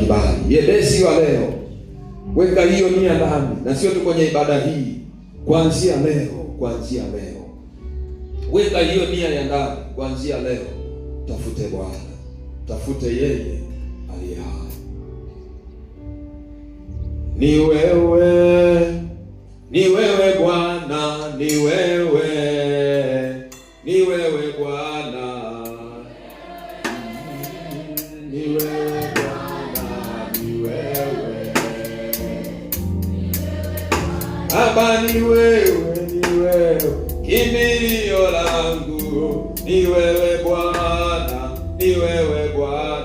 kibali. Yebesi wa leo, weka hiyo nia ndani, na sio tu kwenye ibada hii, kuanzia leo, kuanzia leo, weka hiyo nia ya ndani, kuanzia leo. Tafute Bwana, tafute yeye aliye hai. Ni wewe, ni wewe Baba ni wewe, ni wewe kimbilio langu, ni wewe Bwana, ni wewe Bwana.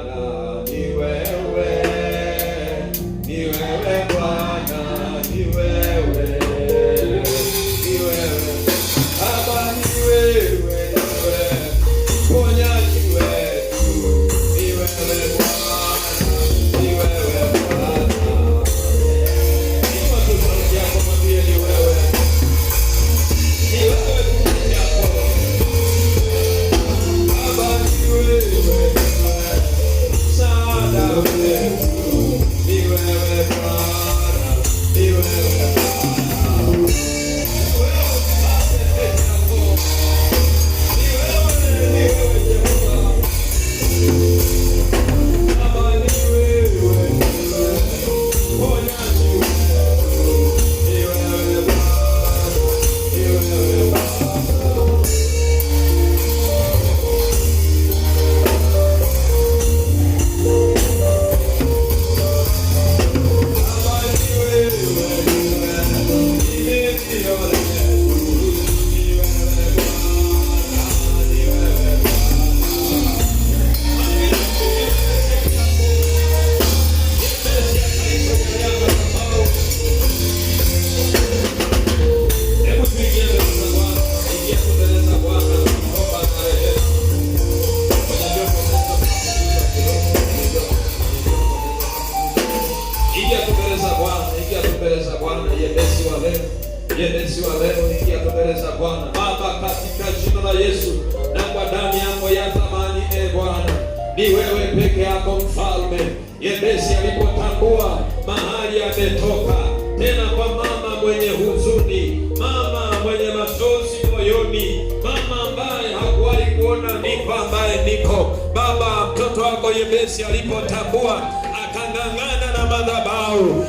Jioni leo nikiato mbele za Bwana Baba, katika jina la Yesu na kwa damu yako ya thamani, e Bwana, ni wewe peke yako mfalme. Yebesi alipotambua mahali ametoka, tena kwa mama mwenye huzuni, mama mwenye machozi moyoni, mama ambaye hakuwahi kuona niko ambaye niko, Baba, mtoto wako Yebesi alipotambua, akang'ang'ana na madhabahu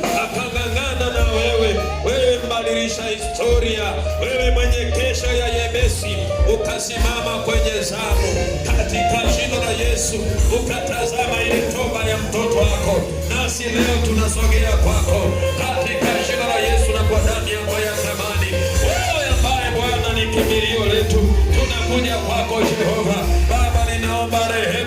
wewe mwenye kesha ya Yebesi ukasimama kwenye zamu, katika jina la Yesu ukatazama ile toba ya mtoto wako, nasi leo tunasogea kwako katika jina la Yesu na kwa damu yako ya thamani, wewe ambaye Bwana ni kimbilio letu, tunakuja kwako Jehova Baba, ninaomba rehema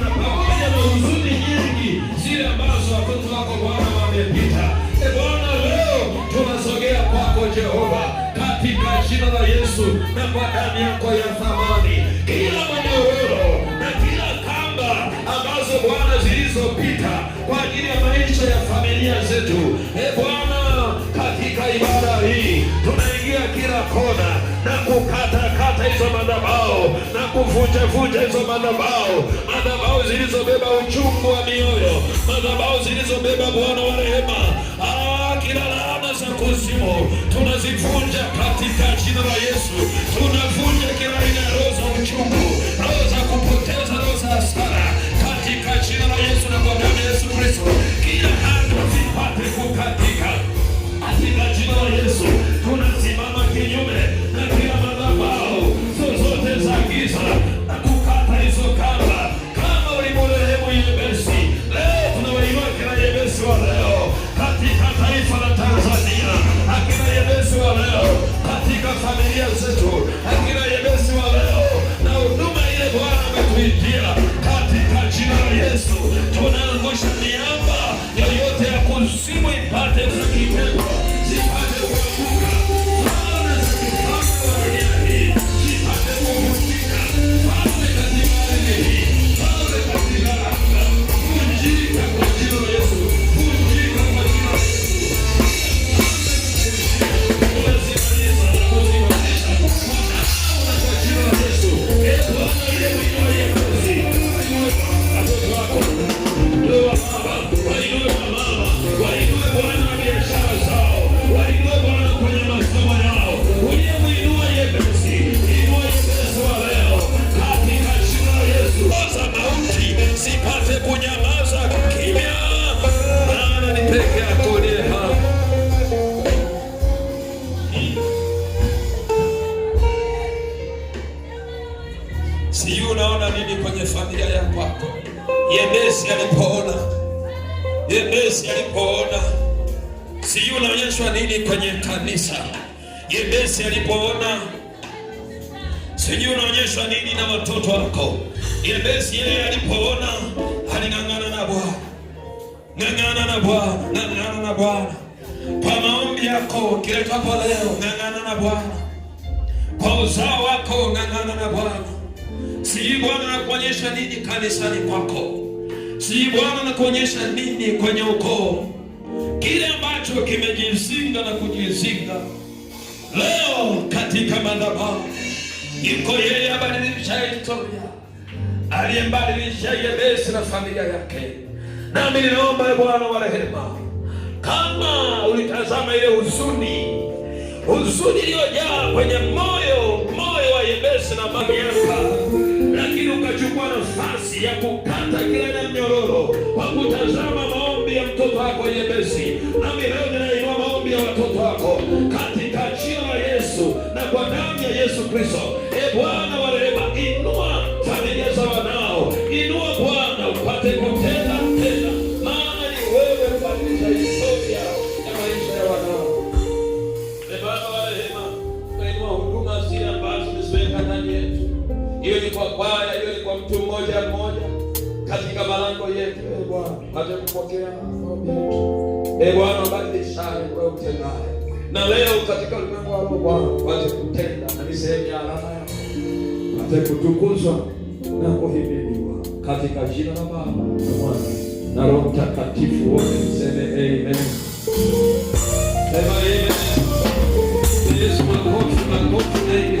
na kwa yako ya thamani. Kila mnyororo na kila kamba ambazo Bwana zilizopita kwa ajili ya maisha ya familia zetu, e Bwana, katika ibada hii tunaingia kila kona na kukatakata hizo madhabahu na kuvunjavunja hizo madhabahu, madhabahu zilizobeba uchungu wa mioyo, madhabahu zilizobeba Bwana wa rehema, ah, kila kuzimu tunazivunja katika jina la Yesu. Tunavunja kila aina ya roho za uchungu, roho za kupoteza, roho za Sijui unaonyeshwa nini kwenye kanisa. Yebesi alipoona, sijui unaonyeshwa nini na watoto wako. Yebesi yeye alipoona aling'ang'ana na Bwana, ng'ang'ana na Bwana, ng'ang'ana na Bwana kwa maombi yako kiletu hapo leo, ng'ang'ana na Bwana kwa uzao wako, ng'ang'ana na Bwana. Sijui Bwana nakuonyesha nini kanisani kwako, sijui Bwana nakuonyesha nini kwenye ukoo Kile ambacho kimejizinga na kujizinga leo katika madhabahu iko yeye abadilisha historia, aliyembadilisha Yebesi na familia yake. Nami ninaomba e Bwana wa rehema, kama ulitazama ile huzuni, huzuni iliyojaa kwenye moyo moyo wa Yebesi na mama lakini ukachukua nafasi ya kukata kila na mnyororo kwa kutazama watoto wako nyepesi. Nami leo ninainua maombi ya watoto wako katika jina la Yesu na kwa damu ya Yesu Kristo. E Bwana wa rehema, inua familia za wanao, inua Bwana upate kutenda tena, maana ni wewe kubadilisha historia ya maisha ya wanao. E Bwana wa rehema, inua huduma zile ambazo umeziweka ndani yetu, hiyo ni kwa kwaya, hiyo ni kwa mtu pate kupokea maombi yetu. Ee Bwana, ubadili wewe utendaye, na leo katika ulimwengu wako Bwana pate kutenda na ni sehemu ya alama yako, pate kutukuzwa na kuhimidiwa katika jina la Baba na Mwana na Roho Mtakatifu, wote mseme amen. Sema amen. Yesu, makofi makofi